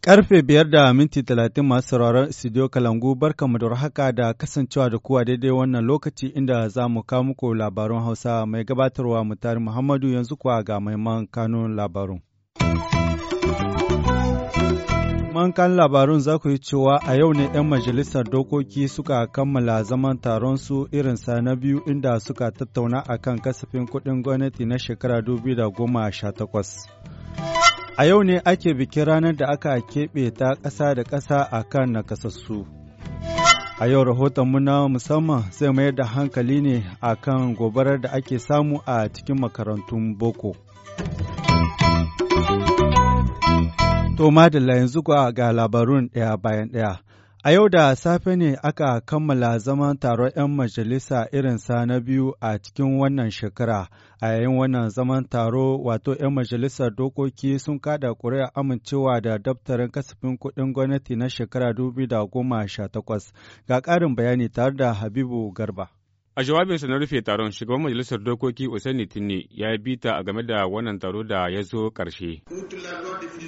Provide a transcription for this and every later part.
Karfe biyar da minti talatin masu sauraron studio Kalangu barka da haka da kasancewa da kuwa daidai wannan lokaci inda za mu kawo muku labarun Hausa mai gabatarwa mutari Muhammadu yanzu kuwa ga maiman kanun labarun. muhimman kan labarun za ku yi cewa a yau ne 'yan majalisar dokoki suka kammala zaman taron su irin sa na biyu inda suka tattauna a kan kasafin kuɗin gwamnati na shekara 2018. A yau ne ake bikin ranar da aka keɓe ta ƙasa da ƙasa a kan nakasassu. A yau rahotonmu na musamman zai mayar da hankali ne a kan gobarar da ake samu a cikin makarantun boko. To madalla yanzu ga labarun ɗaya bayan ɗaya. A yau da safe ne aka kammala zaman taron 'yan majalisa irinsa na biyu a cikin wannan shekara. A yayin wannan zaman taro, wato 'yan majalisar dokoki sun kada ƙuri'a amincewa da daftarin kasafin kuɗin gwamnati na shekara 2018. Ga ƙarin bayani tare da Habibu Garba. A jawabinsa na rufe taron shugaban majalisar dokoki Usaini Tinni ya bi ta a game da wannan taro da ya zo karshe.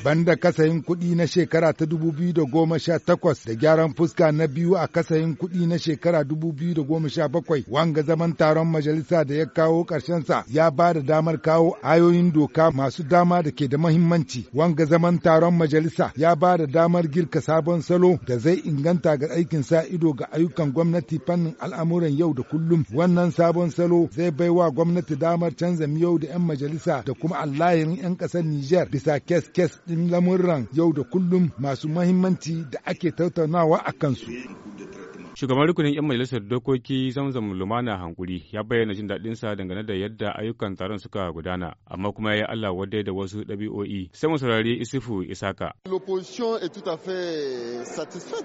Banda kasayin kuɗi na shekara ta 2018 da gyaran fuska na biyu a kasayin kuɗi na shekara 2017 wanga zaman taron majalisa da ya kawo ƙarshensa ya ba da damar kawo ayoyin doka masu dama da ke da mahimmanci. Wanga zaman taron majalisa ya ba da damar girka sabon salo da zai inganta ga aikin sa ido ga ayyukan gwamnati fannin al'amuran yau da kullum wannan sabon salo zai bai wa gwamnati damar canza miyau da 'yan majalisa da kuma allahirin 'yan ƙasar Nijar bisa kes-kes ɗin lamurran yau da kullum masu mahimmanci da ake tattaunawa a kansu. Shugaban rukunin 'yan majalisar dokoki Zamzam Lumana Hankuri ya bayyana jin daɗinsa dangane da yadda ayyukan taron suka gudana, amma kuma ya yi Allah wadai da wasu ɗabi'o'i. Sai mu saurari Isufu Isaka.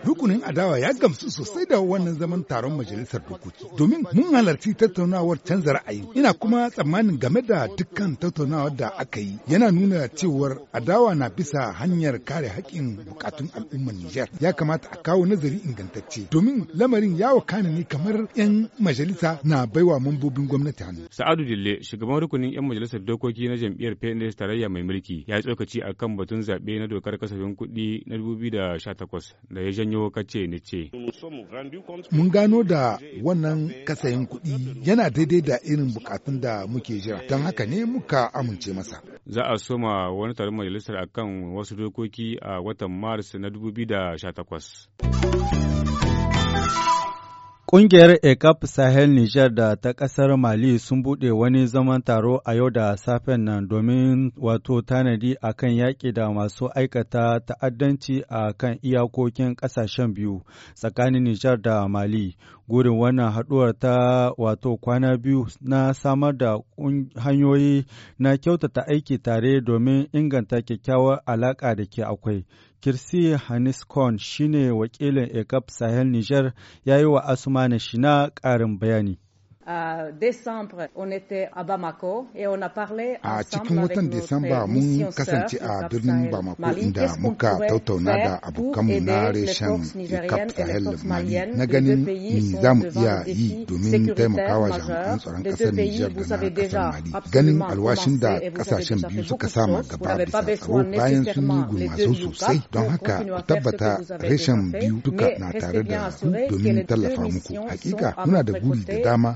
Rukunin adawa ya gamsu sosai da wannan zaman taron majalisar dokoki, domin mun halarci tattaunawar canza ra'ayi. Ina kuma tsammanin game da dukkan tattaunawar da aka yi yana nuna cewar adawa na bisa hanyar kare haƙƙin bukatun al'ummar Nijar. Ya kamata a kawo nazari ingantacce domin lamarin ya wakana ne kamar 'yan majalisa na baiwa mambobin gwamnati hannu. Sa'adu Dille, shugaban rukunin 'yan majalisar dokoki na jam'iyyar PNS tarayya mai mulki, ya yi tsokaci a kan batun zaɓe na dokar kasafin kuɗi na 2018 da ya janyo kace ni ce. Mun gano da wannan kasayin kuɗi yana daidai da irin bukatun da muke jira, don haka ne muka amince masa. Za a soma wani taron majalisar akan wasu dokoki a watan Maris na 2018. Ƙungiyar ECAP Sahel Niger da ta ƙasar Mali sun buɗe wani zaman taro a yau da safen nan domin wato tanadi a kan yaƙi da masu aikata ta'addanci a kan iyakokin ƙasashen biyu tsakanin Nijar da Mali. Gurin wannan haɗuwar ta wato kwana biyu na samar da hanyoyi na kyautata aiki tare domin inganta kyakkyawar alaƙa da ke akwai. Kirsi Hanis Korn shine wakilin ekab Sahel Niger ya yi wa Asuma na Shina ƙarin bayani. a décembre, on était à Bamako et on a parlé ah, à cikin watan Disamba mun kasance a birnin Bamako inda muka tattauna da abokanmu na reshen Cap Sahel Mali na ganin ni za mu iya yi domin taimakawa jami'an tsaron ƙasar Nijar da na ƙasar Mali. Ganin alwashin da ƙasashen biyu suka sama gaba bisa tsaro bayan sun yi gumazau sosai don haka ku tabbata reshen biyu duka na tare da su domin tallafa muku. Hakika muna da guri da dama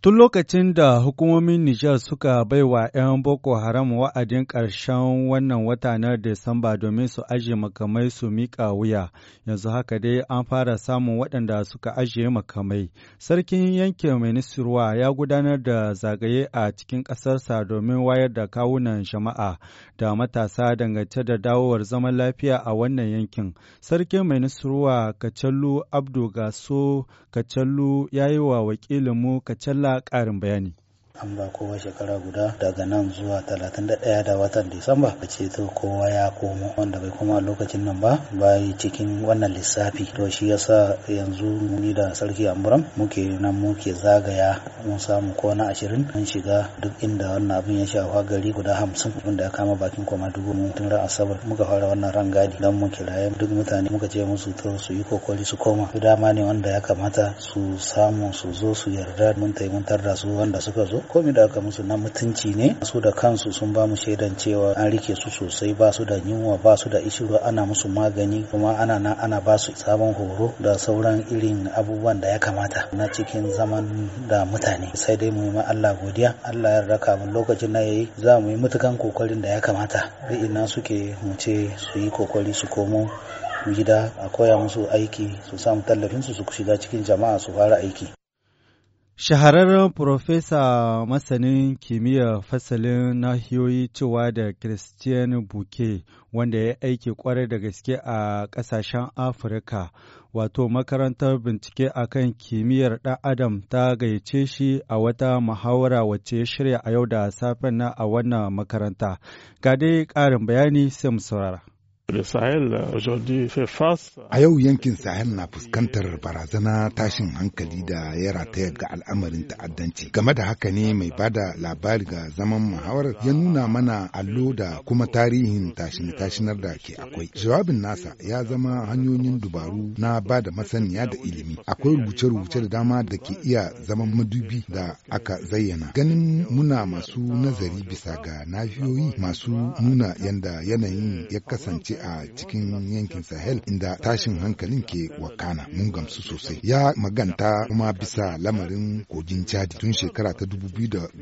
Tun lokacin da hukumomin Nijar suka baiwa 'yan Boko Haram wa'adin ƙarshen wannan wata na Disamba domin su ajiye makamai su mika wuya, yanzu haka dai an fara samun waɗanda suka ajiye makamai. Sarkin yankin Minisirwa ya gudanar da zagaye a cikin ƙasarsa domin wayar da kawunan jama'a da matasa dangance da dawowar zaman lafiya a wannan yankin. Sarkin Minisirwa Kacallu Abdu Gaso Kacallu ya yi wa wakilinmu Kacalla Allah ƙarin bayani. an ba kowa shekara guda daga nan zuwa 31 da watan disamba a ce to kowa ya komo wanda bai koma lokacin nan ba bai cikin wannan lissafi to shi yasa yanzu ni da sarki amuram muke nan muke zagaya mun samu kona ashirin mun shiga duk inda wannan abin ya shafa gari guda hamsin wanda ya kama bakin koma dubu mun tun ran asabar muka fara wannan rangadi don mu kiraye duk mutane muka ce musu to su yi kokari su koma dama ne wanda ya kamata su samu su zo su yarda mun taimantar da su wanda suka zo komai da aka musu na mutunci ne su da kansu sun ba mu shaidan cewa an rike su sosai ba su da yunwa ba su da ishiru ana musu magani kuma ana na ana ba su sabon horo da sauran irin abubuwan da ya kamata na cikin zaman da mutane sai dai mu yi ma Allah godiya Allah ya raka mu lokacin na yayi za mu yi mutukan kokarin da ya kamata da ina suke mu ce su yi kokari su komo gida a koya musu aiki su samu tallafin su su shiga cikin jama'a su fara aiki Shahararren Profesa masanin kimiyyar fasalin nahiyoyi cewa da Christian Buke wanda ya aiki kwarai da gaske a ƙasashen Afirka, wato makarantar bincike a kan kimiyyar ɗan Adam ta gayyace shi a wata muhawara wacce ya shirya a yau da safen na a wannan makaranta. Ga dai ƙarin bayani sai mu Euh, A yau yankin Sahel na fuskantar barazana tashin hankali da ya rataya ga al'amarin ta'addanci. Game da haka ne mai bada labari ga zaman muhawarar ya nuna mana allo da kuma tarihin tashin tashinar da ke akwai. Jawabin nasa ya zama hanyoyin dubaru na ba da masaniya da ilimi. Akwai rubuce-rubuce da dama da ke iya zaman madubi da aka zayyana. Ganin muna masu nazari bisa ga nahiyoyi masu nuna yanda yanayin ya kasance a cikin yankin Sahel inda tashin hankalin ke wakana mun gamsu sosai. Ya maganta kuma bisa lamarin kogin Chadi tun shekara ta da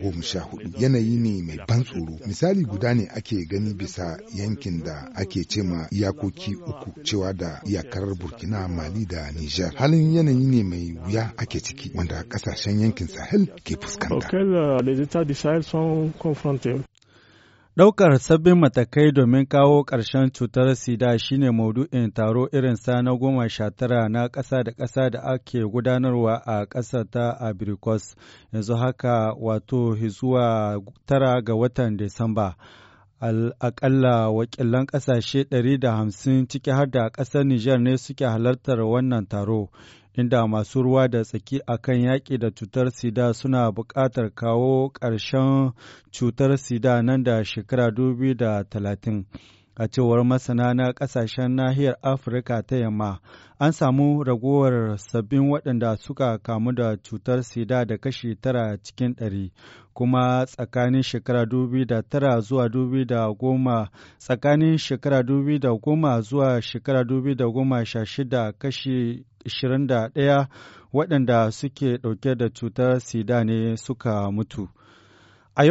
goma sha hudu yanayi ne mai ban tsoro. Misali guda ne ake gani bisa yankin da ake ce ma iyakoki uku cewa da iyakar Burkina Mali da Niger. Halin yanayi ne mai wuya ake ciki wanda kasashen yankin Sahel ke fuskanta. Euh, Ɗaukar sabbin matakai domin kawo ƙarshen cutar sida shine maudu'in taro irin sa na goma sha tara na ƙasa da ƙasa da ake gudanarwa a ƙasa ta Abirikos, yanzu haka wato zuwa tara ga watan Disamba. Al’aƙalla wakilan ƙasashe 150 ciki har da ƙasar Nijar ne suke halartar wannan taro. inda masu ruwa da tsaki a kan yaƙi da cutar sida suna buƙatar kawo ƙarshen cutar sida nan da shekara 2030. A cewar masana na kasashen nahiyar Afirka ta yamma, an samu ragowar sabbin waɗanda suka kamu da cutar sida da kashi tara cikin ɗari, kuma tsakanin shekara dubi da tara zuwa dubi da goma tsakanin shekara dubi da goma zuwa shekara dubi da goma sha shida kashi ɗaya waɗanda suke ɗauke da cutar sida ne suka mutu. A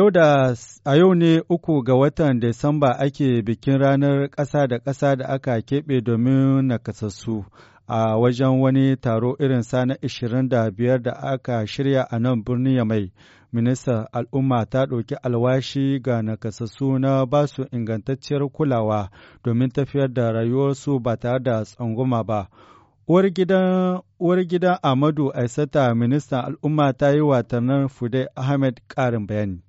yau ne uku ga watan Disamba ake bikin ranar ƙasa da ƙasa da aka keɓe domin nakasassu a wajen wani taro irin sana 25 da aka shirya a nan birnin mai, Ministan Al'umma ta ɗauki alwashi ga nakasassu na ba su ingantacciyar kulawa domin tafiyar da rayuwarsu ba tare da tsangwama ba. Uwargidan gidan Amadu Aisata ministan al'umma ta yi wa Fude Ahmed ƙarin bayani.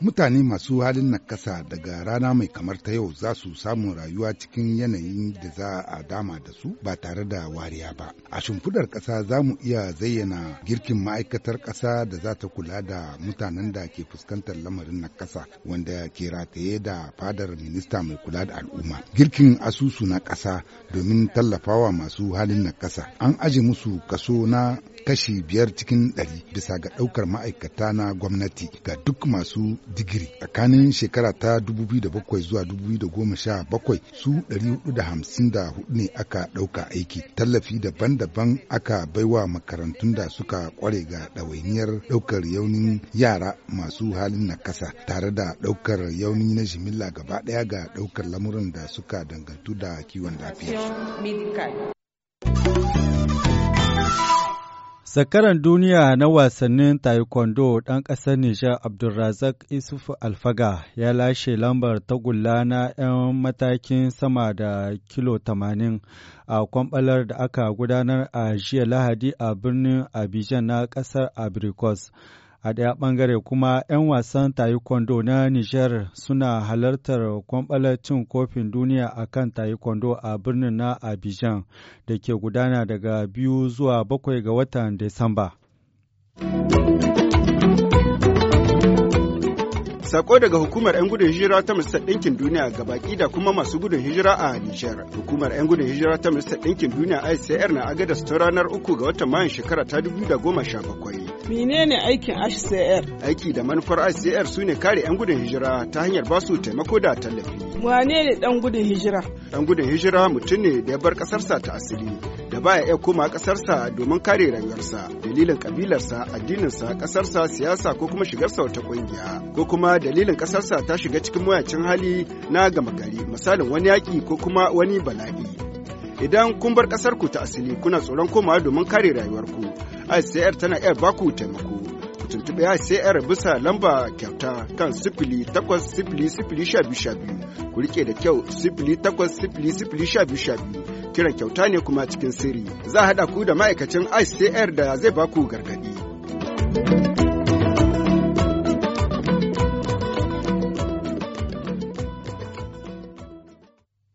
Mutane masu halin nakasa daga rana mai kamar ta yau za su samu rayuwa cikin yanayin da za a dama da su ba tare da wariya ba. A shimfidar ƙasa za mu iya zayyana girkin ma'aikatar ƙasa da za ta kula da mutanen da ke fuskantar lamarin nakasa wanda ke rataye da fadar minista mai kula da al'umma. Girkin asusu na ƙasa domin tallafawa masu halin nakasa. An aje musu kaso na kashi biyar cikin ɗari bisa ga ɗaukar ma'aikata na gwamnati ga duk masu digiri tsakanin shekara ta 2007 zuwa 2017 su 454 ne aka ɗauka aiki tallafi daban-daban aka baiwa makarantun da suka kware ga ɗawainiyar ɗaukar yaunin yara masu halin nakasa tare da ɗaukar yauni na jimilla gaba ɗaya ga ɗaukar lamurin da suka dangantu da kiwon lafiya. Sakaran duniya na wasannin taekwondo ɗan ƙasar Nijar Abdulrazak Isuf Alfaga ya lashe lambar tagulla na 'yan matakin sama da kilo 80 a kwamɓalar da aka gudanar a jiya Lahadi a birnin Abidjan na ƙasar Abrikos. A ɗaya ɓangare kuma 'yan wasan taekwondo na Nijar suna halartar kwamɓalar cin kofin duniya a kan taekwondo a birnin na Abidjan da ke gudana daga biyu zuwa bakwai ga watan Disamba. Sako daga hukumar 'yan gudun hijira ta Mista Ɗinkin Duniya ga baki da kuma masu gudun hijira a Nijar. Hukumar 'yan gudun hijira ta Mista Ɗinkin Duniya ICR na agadas ta ranar uku ga watan Mayun shekara ta 2017. Menene aikin HCR? Aiki da manufar HCR su ne kare 'yan gudun hijira ta hanyar ba su taimako da tallafi. Wane ne ɗan gudun hijira? Ɗan gudun hijira mutum ne da ya bar ƙasarsa ta asali da baya iya koma ƙasarsa domin kare rangarsa dalilin kabilarsa addininsa ƙasarsa siyasa ko kuma shigarsa wata ƙungiya ko kuma dalilin ƙasarsa ta shiga cikin mayacin hali na gama gari misalin wani yaƙi ko kuma wani bala'i idan kun bar ƙasarku ta asali kuna tsoron komawa domin kare rayuwarku ICR tana iya baku taimako. tuntuɓe ICR bisa lamba kyauta kan sifili takwas sifili sifili sha biyu sha biyu ku riƙe da kyau sifili takwas sifili sifili sha biyu sha biyu kiran kyauta ne kuma cikin sirri za a haɗa ku da ma'aikacin ICR da zai baku gargaɗi.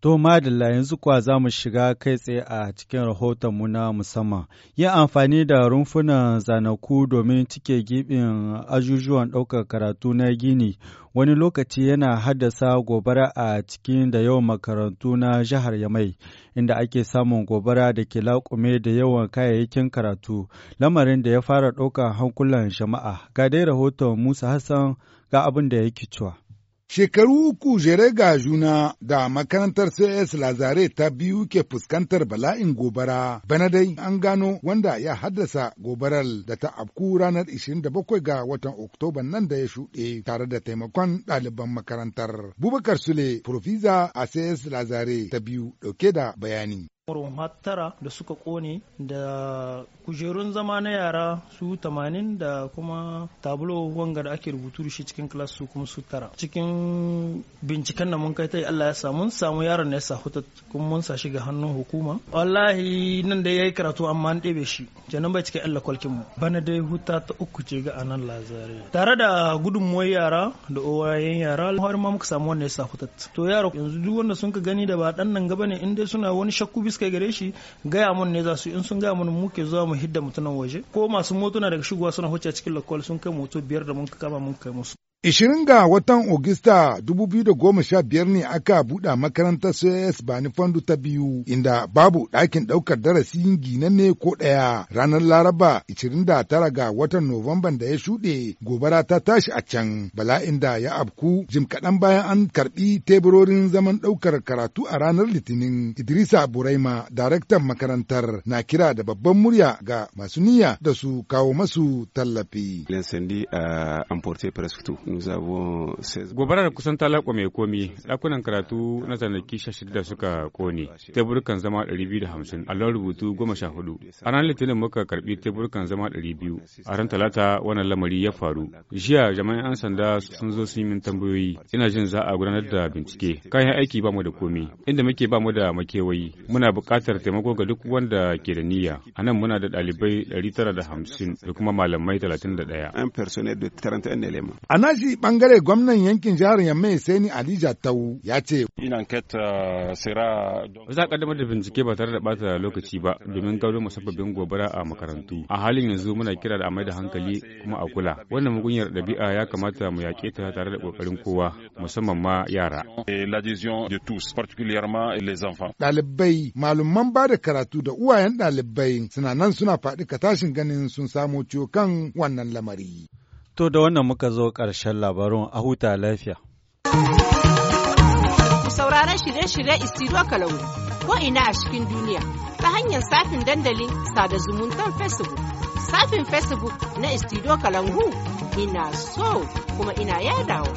To madalla yanzu kuwa za mu shiga kai tsaye a cikin rahotonmu na musamman. Yin amfani da rumfunan zanaku domin cike gibin ajujuwan ɗaukar karatu na gini wani lokaci yana haddasa gobara a cikin da yawan makarantu na jihar Yamai, inda ake samun gobara da ke laƙume da yawan kayayyakin karatu, lamarin da ya fara ɗaukar hankulan jama'a. Ga dai rahoton Musa Hassan ga abin da yake cewa. Shekaru uku jere ga juna da makarantar CS Lazare ta biyu ke fuskantar bala'in gobara, bana dai an gano wanda ya haddasa gobarar da ta afku ranar 27 ga watan Oktoba nan da ya shuɗe tare da taimakon ɗaliban makarantar. Bubakar Sule, Profiza a CS Lazare ta biyu ɗauke da bayani. murum tara da suka kone da kujerun zama na yara su 80 da kuma tablo wanga da ake rubutu da shi cikin klas su kuma su tara cikin binciken da mun kai ta Allah ya samu samu yaron ne sa hutu kuma mun sa shi ga hannun hukuma wallahi nan da yayi karatu amma an ɗebe shi janan bai cika Allah kwalkin mu bana dai huta ta uku ce ga anan lazare tare da moyi yara da owayen yara har ma muka samu wanda ya sa hutu to yaro yanzu duk wanda sun ka gani da ba dan nan gaba ne inda suna wani shakku suka gare shi gaya mun ne za su in sun gaya mun muke zuwa mu hidda mutunan waje ko masu motuna daga shigowa suna huce cikin lokal sun kai moto biyar da mun kama mun kai musu Ishirin ga watan Ogista 2015 ne aka buɗa makarantar CIS Bani Fandu ta biyu, inda babu ɗakin ɗaukar darasin ne ko ɗaya. Ranar Laraba 29 ga watan Nuwamban da ya shuɗe, gobara ta tashi a can. Bala'in da ya afku jim kaɗan bayan an karɓi teburorin zaman ɗaukar karatu a ranar Litinin. Idrisa Buraima, daraktan makarantar, na kira da babban murya ga masu niyya da su kawo masu tallafi. Gobarar kusan ta mai komi, ɗakunan karatu na zanaki da suka kone, teburkan zama 250, allon rubutu 14. A ranar Litinin muka karɓi teburkan zama 200, a ran Talata wannan lamari ya faru. Jiya jama'in an sanda sun zo sun yi min tambayoyi, ina jin za a gudanar da bincike. Kayan aiki ba mu da komi, inda muke ba mu da makewayi, muna buƙatar taimako ga duk wanda ke da niyya. A nan muna da ɗalibai 950 da kuma malamai 31. wani bangare gwamnan yankin jihar sai ni Ali tau ya ce. Euh, Za kaddamar da bincike ba tare da bata lokaci ba domin gado musabbabin gobara a makarantu. A halin yanzu muna kira da amai da hankali kuma a kula. Wannan mugunyar ɗabi'a ya kamata mu yaƙe ta tare da ƙoƙarin kowa musamman ma yara. Ɗalibai malumman ba da karatu da uwayen ɗalibai suna nan suna faɗi ka tashin ganin sun samo ciwo kan wannan lamari. To da wannan muka zo ƙarshen labarun a huta lafiya. Sauraron shirye shiryen Isiro Kalau ko ina a cikin duniya ta hanyar safin dandalin sada zumuntar Facebook. Safin Facebook na Isiro Kalangu ina so kuma ina yadawa.